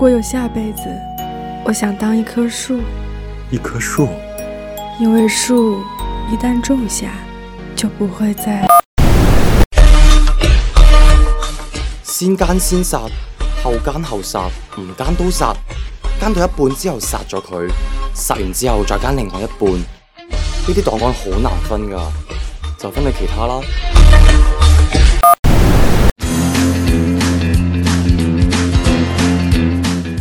如果有下輩子，我想當一棵樹。一棵樹，因為樹一旦種下，就不會再。先奸先殺，後奸後殺，唔奸都殺，奸到一半之後殺咗佢，殺完之後再奸另外一半。呢啲檔案好難分㗎，就分你其他啦。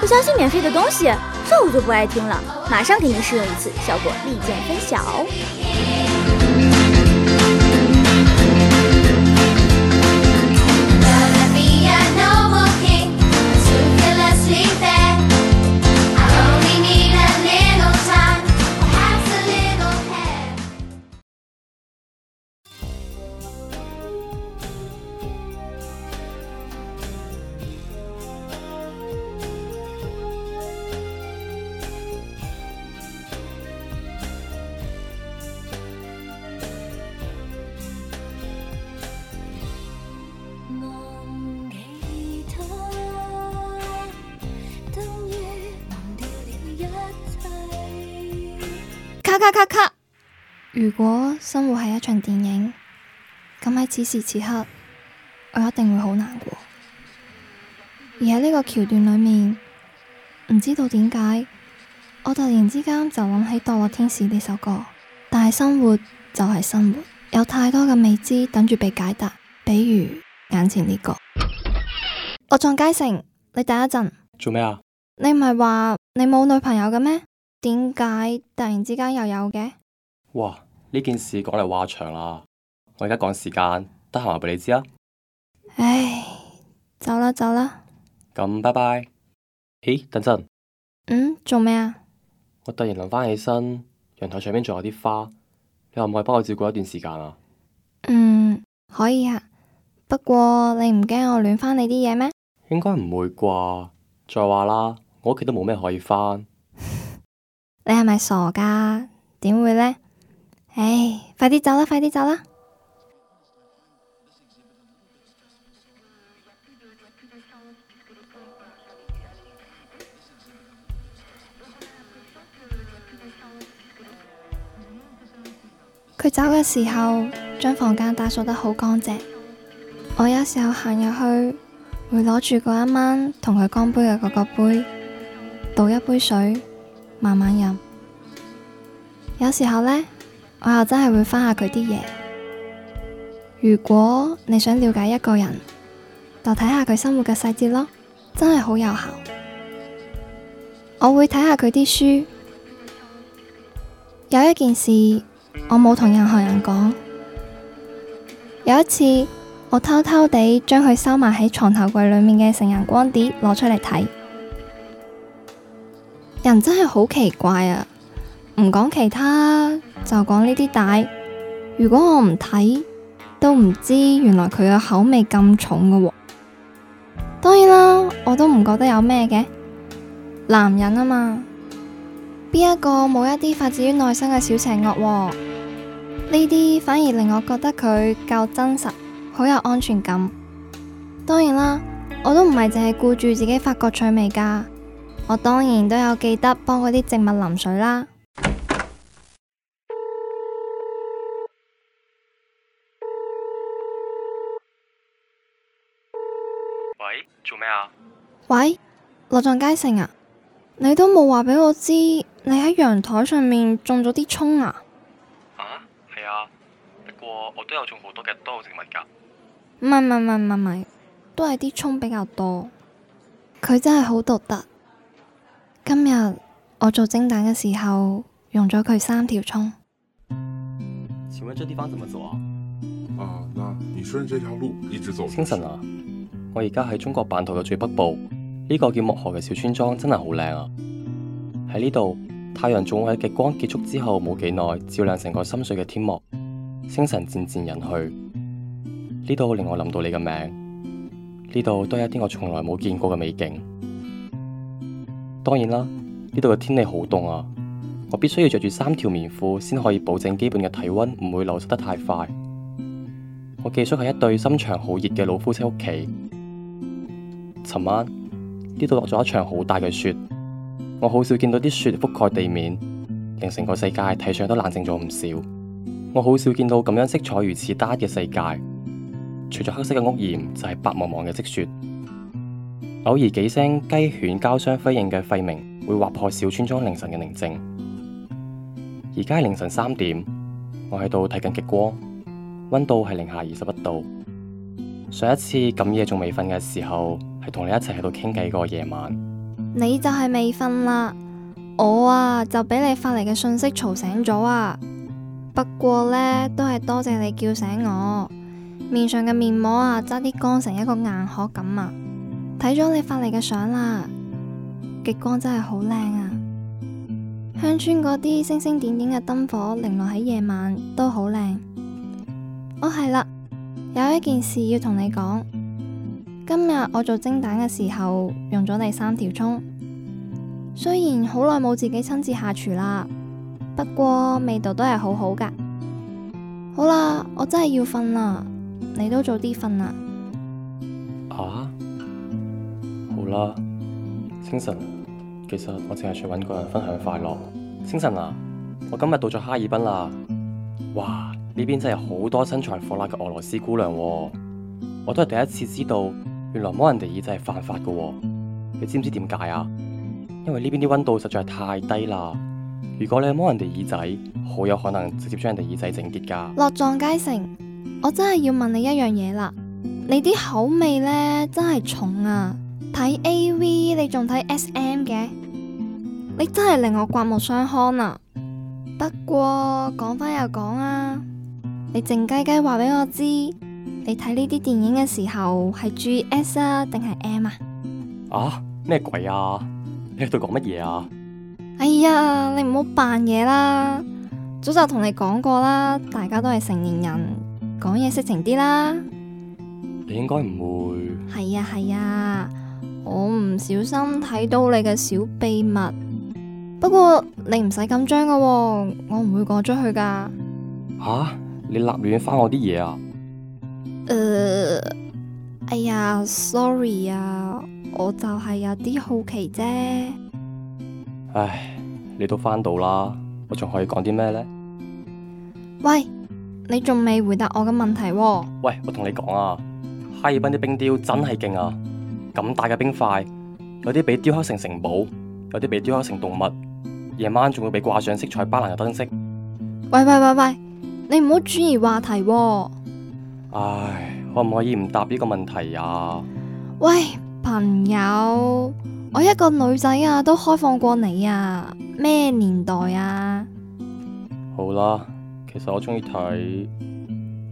不相信免費的東西，這我就不愛聽了。馬上給您試用一次，效果立見分曉。如果生活係一場電影，咁喺此時此刻，我一定會好難過。而喺呢個橋段裏面，唔知道點解，我突然之間就諗起墮落天使呢首歌。但係生活就係生活，有太多嘅未知等住被解答，比如眼前呢個。我撞街城，你等一陣。做咩啊？你唔係話你冇女朋友嘅咩？點解突然之間又有嘅？哇！呢件事講嚟話長啦，我而家趕時間，得閒話畀你知啊。唉，走啦走啦，咁拜拜。咦，等陣。嗯，做咩啊？我突然諗翻起身，陽台上面仲有啲花，你可唔可以幫我照顧一段時間啊？嗯，可以啊。不過你唔驚我亂翻你啲嘢咩？應該唔會啩。再話啦，我屋企都冇咩可以翻。 你係咪傻噶？點會呢？唉，hey, 快啲走啦！快啲走啦！佢 走嘅時候，將房間打掃得好乾淨。我有時候行入去，會攞住嗰一晚同佢乾杯嘅嗰個，個杯，倒一杯水，慢慢飲。有時候呢。我又真係會翻下佢啲嘢。如果你想了解一個人，就睇下佢生活嘅細節咯，真係好有效。我會睇下佢啲書。有一件事我冇同任何人講。有一次，我偷偷地將佢收埋喺床頭櫃裏面嘅成人光碟攞出嚟睇。人真係好奇怪啊！唔講其他。就講呢啲帶，如果我唔睇，都唔知原來佢嘅口味咁重嘅哦。當然啦，我都唔覺得有咩嘅，男人啊嘛，邊一個冇一啲發自於內心嘅小邪惡哦？呢啲反而令我覺得佢夠真實，好有安全感。當然啦，我都唔係淨係顧住自己發覺趣味噶，我當然都有記得幫嗰啲植物淋水啦。做咩啊？喂，羅晉街城啊，你都冇話俾我知，你喺陽台上面種咗啲葱啊？啊，係啊，不過我都有種好多嘅多植物噶。唔係唔係唔係唔係，都係啲葱比較多。佢真係好獨特。今日我做蒸蛋嘅時候用咗佢三條葱。請問這地方怎麼走啊？啊、uh,，那你順着這條路一直走。清山啊。我而家喺中國版圖嘅最北部，呢個叫漠河嘅小村莊真係好靚啊！喺呢度，太陽總會喺極光結束之後冇幾耐，照亮成個深邃嘅天幕，星辰漸漸隱去。呢度令我諗到你嘅名，呢度都係一啲我從來冇見過嘅美景。當然啦，呢度嘅天氣好凍啊，我必須要着住三條棉褲先可以保證基本嘅體溫唔會流失得太快。我寄宿喺一對心腸好熱嘅老夫妻屋企。尋晚呢度落咗一場好大嘅雪，我好少見到啲雪覆蓋地面，令成個世界睇上都冷靜咗唔少。我好少見到咁樣色彩如此單嘅世界，除咗黑色嘅屋檐就係白茫茫嘅積雪。偶而幾聲雞犬交相輝映嘅吠鳴，會劃破小村莊凌晨嘅寧靜。而家係凌晨三點，我喺度睇緊極光，溫度係零下二十一度。上一次咁夜仲未瞓嘅時候。係同你一齊喺度傾偈個夜晚，你就係未瞓啦，我啊就俾你發嚟嘅信息嘈醒咗啊。不過呢，都係多謝你叫醒我，面上嘅面膜啊，差啲乾成一個硬殼咁啊。睇咗你發嚟嘅相啦，極光真係好靚啊！鄉村嗰啲星星點點嘅燈火零落喺夜晚都好靚。哦係啦，有一件事要同你講。今日我做蒸蛋嘅時候，用咗你三條蔥，雖然好耐冇自己親自下廚啦，不過味道都係好好噶好啦，我真係要瞓啦，你都早啲瞓啦。啊，好啦，星辰，其實我淨係想搵個人分享快樂。星辰啊，我今日到咗哈爾濱啦，哇，呢邊真係好多身材火辣嘅俄羅斯姑娘，啊，我都係第一次知道。原來摸人哋耳仔係犯法噶喎，你知唔知點解啊？因為呢邊啲溫度實在太低啦。如果你摸人哋耳仔，好有可能直接將人哋耳仔整跌噶。落藏街城，我真係要問你一樣嘢啦。你啲口味咧真係重啊！睇 AV 你仲睇 SM 嘅，你真係令我刮目相看啊！不過講翻又講啊，你靜雞雞話俾我知。你睇呢啲電影嘅時候係注意 S 啊，定係 M 啊？啊，咩鬼啊？你喺度講乜嘢啊？哎呀，你唔好扮嘢啦！早就同你講過啦，大家都係成年人，講嘢色情啲啦。你應該唔會。係啊係啊，我唔小心睇到你嘅小秘密。不過你唔使緊張噶，我唔會講出去噶。吓，啊，你立亂翻我啲嘢啊？誒，uh, 哎呀，sorry 啊，我就係有啲好奇啫。唉，你都翻到啦，我仲可以講啲咩咧？喂，你仲未回答我嘅問題喎？喂，我同你講啊，哈爾濱啲冰雕真係勁啊！咁大嘅冰塊，有啲俾雕刻成城堡，有啲俾雕刻成動物，夜晚仲會俾掛上色彩斑斕嘅燈飾。喂喂喂喂，你唔好轉移話題喎。唉，可唔可以唔答呢個問題啊？喂，朋友，我一個女仔啊，都開放過你啊，咩年代啊？好啦，其實我中意睇，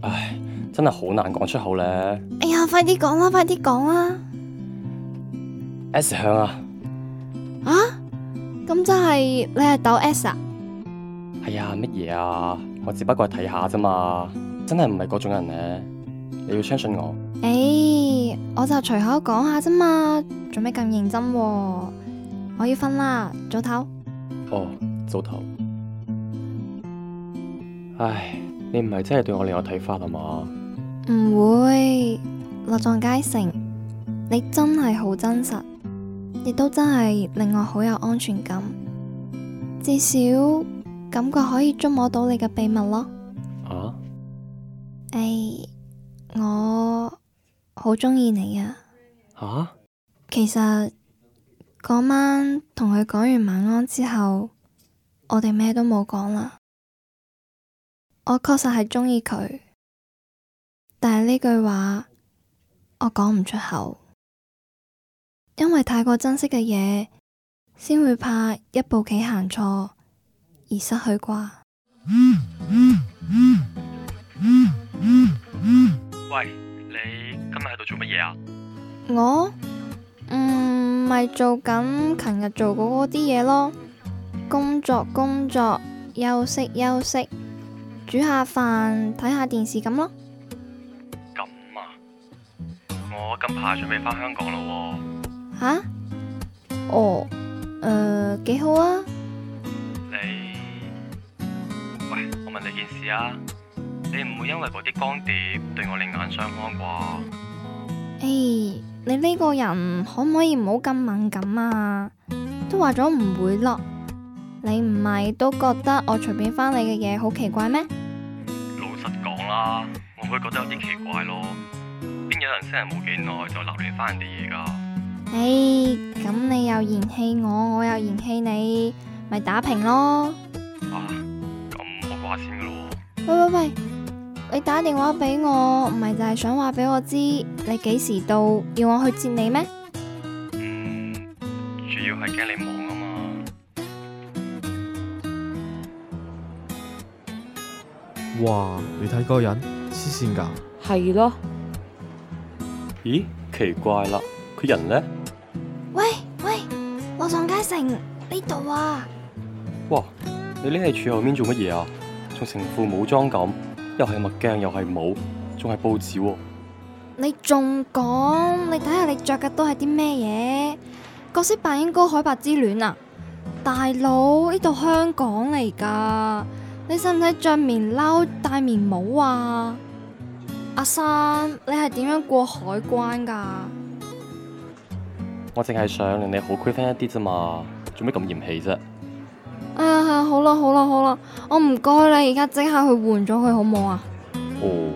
唉，真係好難講出口咧。哎呀，快啲講啦，快啲講啦。S 向啊！啊？咁真係你係斗 S 啊？哎呀，乜嘢啊？我只不過係睇下啫嘛。真係唔係嗰種人呢？你要相信我。誒，hey, 我就隨口講下啫嘛，做咩咁認真？我要瞓啦，早唞。哦，oh, 早唞。唉，你唔係真係對我另有睇法啊嘛？唔會，樂藏街城，你真係好真實，亦都真係令我好有安全感。至少感覺可以捉摸到你嘅秘密咯。誒，hey, 我好鍾意你啊！Huh? 其實嗰晚同佢講完晚安之後，我哋咩都冇講啦。我確實係鍾意佢，但係呢句話我講唔出口，因為太過珍惜嘅嘢，先會怕一步棋行錯而失去啩。 喂，你今日喺度做乜嘢啊？我唔係、嗯、做緊琴日做過嗰啲嘢咯，工作工作，休息休息，煮下飯，睇下電視咁咯。咁啊，我近排準備返香港啦喎。吓？哦，誒、呃，幾好啊。你喂，我問你件事啊。你唔會因為嗰啲光碟對我另眼相看啩？誒、哎，你呢個人可唔可以唔好咁敏感啊？都話咗唔會咯，你唔係都覺得我隨便翻你嘅嘢好奇怪咩？老實講啦，我會覺得有啲奇怪咯。邊、哎、有人先係冇幾耐就留戀翻啲嘢噶？誒，咁你又嫌棄我，我又嫌棄你，咪打平咯？啊，咁我掛線咯。喂喂喂！你打電話俾我，唔係就係想話俾我知你幾時到，要我去接你咩？嗯，主要係驚你忙啊嘛。哇，你睇個人，黐線噶。係咯的。咦，奇怪啦，佢人呢？喂喂，我宋街成呢度啊！哇，你匿喺柱後面做乜嘢啊？仲成副武裝咁？又係墨鏡，又係帽，仲係報紙喎。你仲講？你睇下你着嘅都係啲咩嘢？角色扮演嗰個《海白之戀》啊，大佬，呢度香港嚟噶，你使唔使着棉褸戴棉帽啊？阿生，你係點樣過海關噶？我淨係想令你好區分一啲啫嘛，做咩咁嫌棄啫。啊，啊，好啦好啦好啦，我唔該你，而家即刻去換咗佢好冇啊！哦，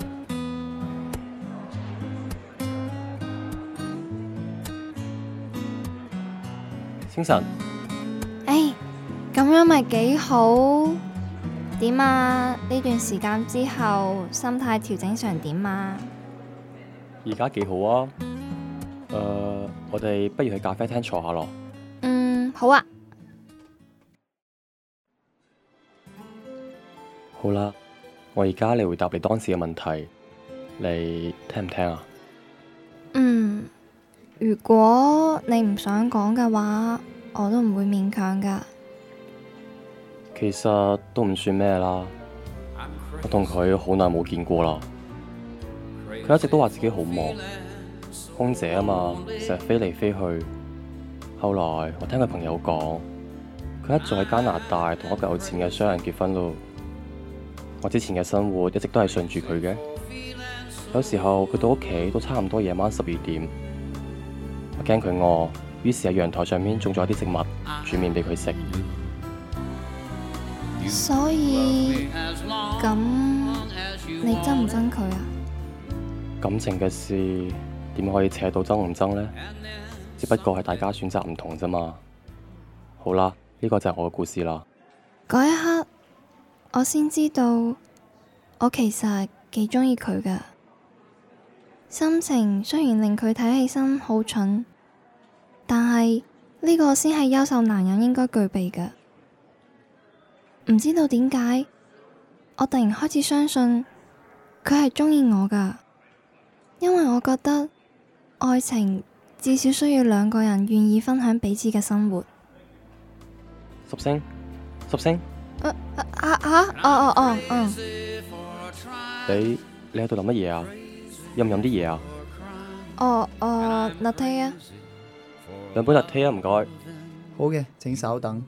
清晨。哎，咁樣咪幾好？點啊？呢段時間之後，心態調整成點啊？而家幾好啊！誒、呃，我哋不如去咖啡廳坐下咯。嗯，好啊。好啦，我而家嚟回答你當時嘅問題，你聽唔聽啊？嗯，如果你唔想講嘅話，我都唔會勉強噶。其實都唔算咩啦，我同佢好耐冇見過啦。佢一直都話自己好忙，空姐啊嘛，成日飛嚟飛去。後來我聽佢朋友講，佢一早喺加拿大同一個有錢嘅商人結婚咯。我之前嘅生活一直都係順住佢嘅，有時候佢到屋企都差唔多夜晚十二點我，我驚佢餓，於是喺陽台上面種咗一啲植物，煮麵俾佢食。所以咁你憎唔憎佢啊？感情嘅事點可以扯到憎唔憎呢？只不過係大家選擇唔同啫嘛。好啦，呢、這個就係我嘅故事啦。嗰一刻。我先知道，我其實幾鍾意佢噶。心情雖然令佢睇起身好蠢，但係呢個先係優秀男人應該具備嘅。唔知道點解，我突然開始相信佢係鍾意我噶，因為我覺得愛情至少需要兩個人願意分享彼此嘅生活。十星，十星。誒啊啊哦哦哦嗯，你你喺度諗乜嘢啊？飲唔飲啲嘢啊？哦哦拿鐵啊，兩杯拿鐵啊，唔該。好嘅，請稍等。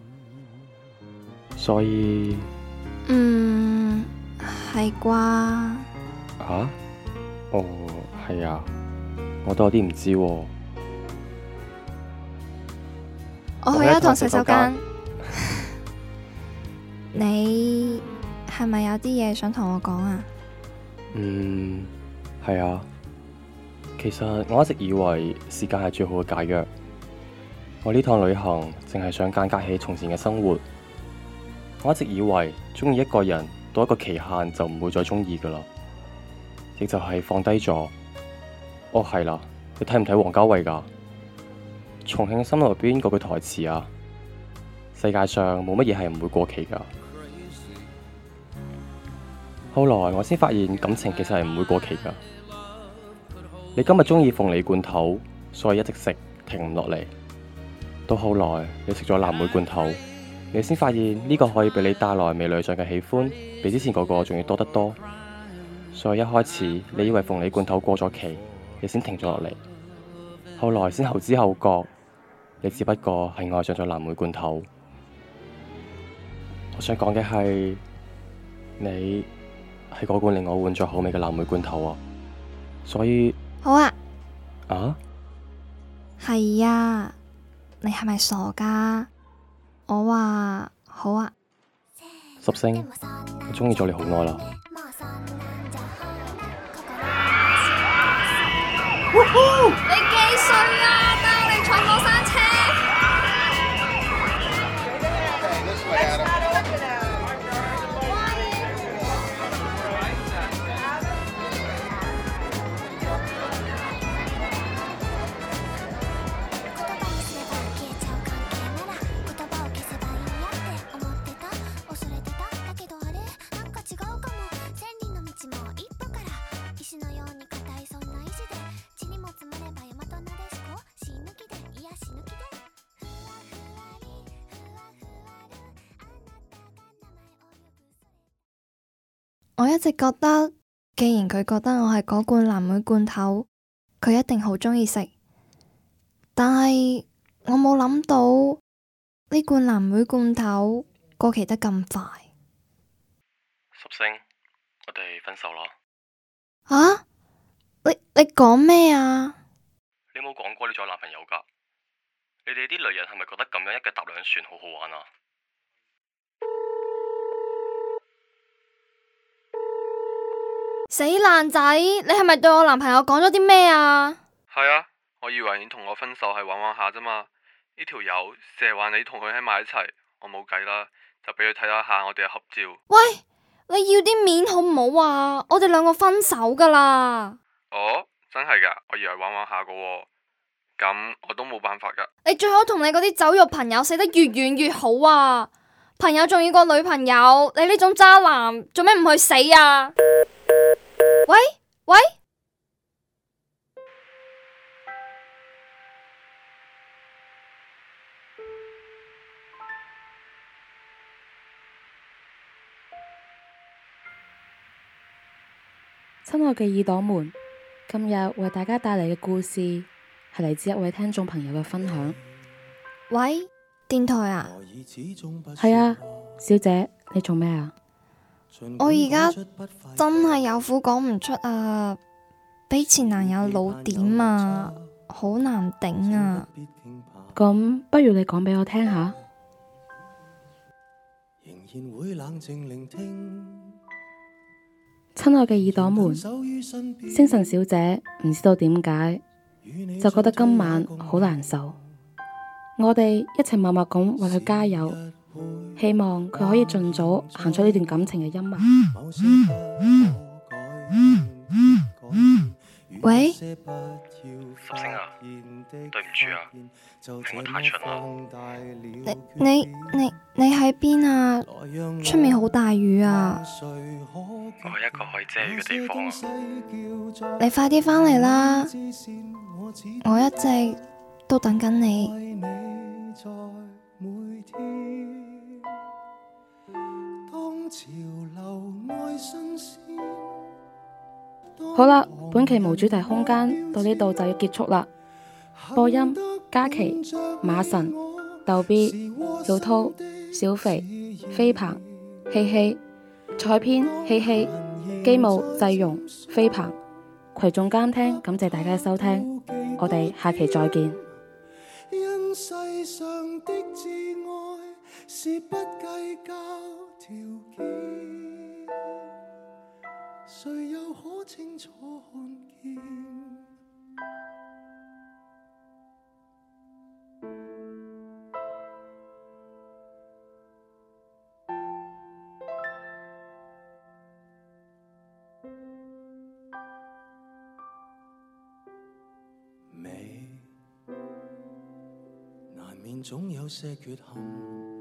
所以嗯係啩？吓？哦係啊，我都有啲唔知。我去一趟洗手間。你係咪有啲嘢想同我講啊？嗯，係啊。其實我一直以為時間係最好嘅解藥。我呢趟旅行淨係想間隔起從前嘅生活。我一直以為鍾意一個人到一個期限就唔會再鍾意噶啦，亦就係放低咗。哦，係啦，啊，你睇唔睇王家衛噶？重慶森林入邊嗰句台詞啊，世界上冇乜嘢係唔會過期噶。後來我先發現感情其實係唔會過期噶。你今日鍾意鳳梨罐頭，所以一直食，停唔落嚟。到後來你食咗藍莓罐頭，你先發現呢個可以俾你帶來味蕾上嘅喜歡，比之前嗰個仲要多得多。所以一開始你以為鳳梨罐頭過咗期，你先停咗落嚟。後來先後知後覺，你只不過係愛上咗藍莓罐頭。我想講嘅係你。係嗰罐令我換咗好味嘅藍莓罐頭啊，所以好啊啊，係啊，你係咪傻噶？我話好啊，十星，我中意咗你好耐啦。你幾歲啊？帶我嚟闖我一直覺得，既然佢覺得我係嗰罐藍莓罐頭，佢一定好鍾意食。但係我冇諗到呢罐藍莓罐頭過期得咁快。十星，我哋分手啦！啊？你你講咩啊？你冇講過你仲有男朋友噶？你哋啲女人係咪覺得咁樣一腳踏兩船好好玩啊？死爛仔，你係咪對我男朋友講咗啲咩啊？係啊，我以為你同我分手係玩玩下啫嘛。呢條友成日話你同佢喺埋一齊，我冇計啦，就俾佢睇咗一下我哋嘅合照。喂，你要啲面好唔好啊？我哋兩個分手噶啦。哦，真係噶，我以為玩玩下噶，啊，咁我都冇辦法噶。你最好同你嗰啲酒肉朋友死得越遠越好啊！朋友仲要個女朋友，你呢種渣男，做咩唔去死啊？喂喂，親愛嘅耳朵們，今日為大家帶嚟嘅故事係嚟自一位聽眾朋友嘅分享。喂，電台啊，係啊，小姐，你做咩啊？我而家真係有苦講唔出啊！畀前男友老點啊，好難頂啊！咁不如你講俾我聽下。親愛嘅耳朵們，星辰小姐唔知道點解，就覺得今晚好難受。我哋一齊默默咁為佢加油。希望佢可以盡早行出呢段感情嘅陰霾。喂，十星啊，對唔住啊，係我太蠢啦。你你你喺邊啊？出面好大雨啊！我喺一個可以遮雨嘅地方啊！你快啲翻嚟啦！我一直都等緊你。好啦，本期無主題空間到呢度就要結束啦。播音：嘉琪、馬神、逗逼、小濤、小肥、飛鵬、希希、彩編：希希、機務、際容、飛鵬、葵總監聽，感謝大家嘅收聽，我哋下期再見。是不計較條件，誰又可清楚看見？美難免總有些缺憾。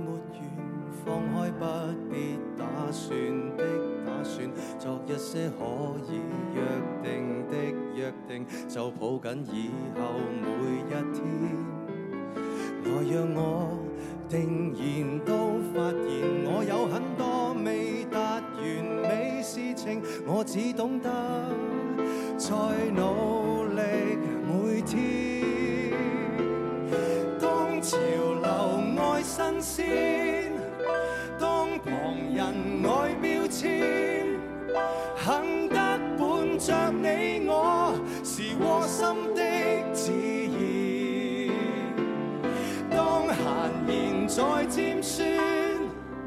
放開，不必打算的打算，作一些可以約定的約定，就抱緊以後每一天。來讓我定然都發現我有很多未達完美事情，我只懂得再努力每天。當潮流愛新鮮。再尖酸，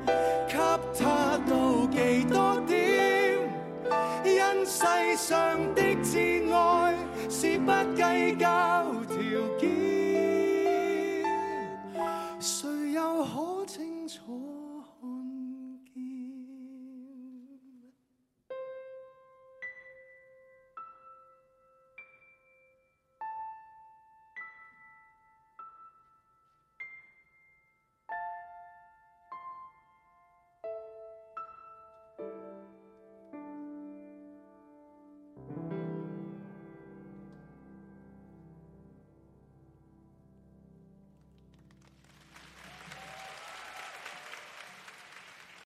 給他妒忌多點，因世上的至愛是不計較條件，誰又可清楚？